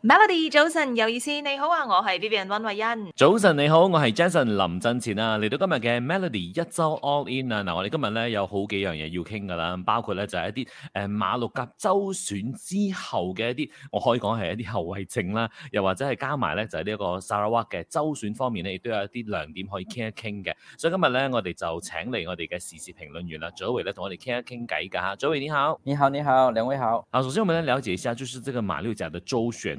Melody 早晨，有意思，你好啊，我係 Vivian 溫慧欣。早晨你好，我係 Jason 林振前啊，嚟到今日嘅 Melody 一周 All In 啊，嗱我哋今日咧有好幾樣嘢要傾噶啦，包括咧就係、是、一啲誒、呃、馬六甲周選之後嘅一啲，我可以講係一啲後遺症啦，又或者係加埋咧就係呢一個 Sarawak 嘅周選方面咧，亦都有一啲亮點可以傾一傾嘅。所以今日咧我哋就請嚟我哋嘅時事評論員啦，周偉咧同我哋傾一傾，偈㗎吓。周偉你好，你好你好，兩位好。好、啊，首先我哋嚟了解一下，就是這個馬六甲嘅周選。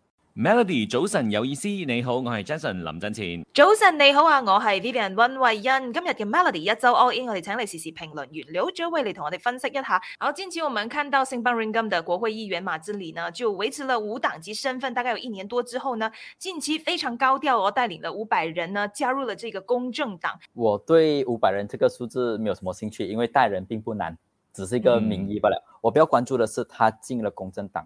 Melody，早晨有意思，你好，我係 Jason 林振前。早晨你好啊，我係 Vivian 溫慧欣。今日嘅 Melody 一周 All In，我哋請你時事評論員劉哲偉嚟同我哋分析一下。好，近期我們看到新邦令金的國會議員馬智禮呢，就維持了無黨籍身份大概有一年多之後呢，近期非常高調哦，我帶領了五百人呢加入了這個公正黨。我對五百人這個數字沒有什麼興趣，因為帶人並不難，只是一個名義罷了。嗯、我比較關注的是他進了公正黨。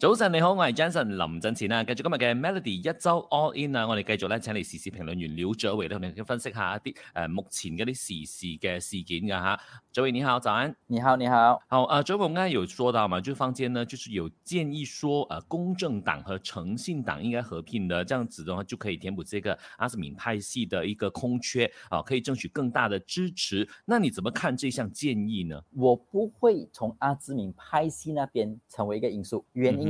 早晨，你好，我係 Jason 林振前啊，繼續今日嘅 Melody 一周 All In 啊，我哋繼續咧，請嚟時事評論員劉卓偉咧同你哋分析下一啲誒目前嗰啲時事嘅事件噶吓，卓偉你好，早安，你好你好，你好啊，卓偉，呃、我剛才有說到嘛，就坊間呢，就是有建議說，誒、呃、公正黨和誠信黨應該合併嘅，這樣子嘅話就可以填補這個阿思明派系的一個空缺，啊、呃、可以爭取更大的支持，那你怎麼看這項建議呢？我不會從阿志明派系那邊成為一個因素，原因、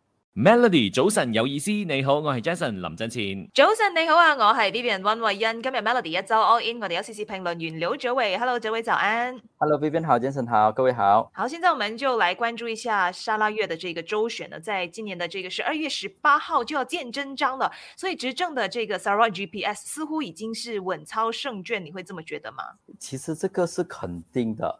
Melody 早晨有意思，你好，我係 Jason 林振前。早晨你好啊，我係 Vivian 溫慧欣。今日 Melody 一周 All In，我哋有 CC 評論員劉哲偉。Hello，各位早安。Hello，Vivian 好，Jason 好，各位好。好，現在我們就來關注一下砂拉越的這個州選呢，在今年的這個十二月十八號就要見真章了，所以執政的這個 Sarah G P S 似乎已經是穩操勝券，你會這麼覺得嗎？其實這個是肯定的。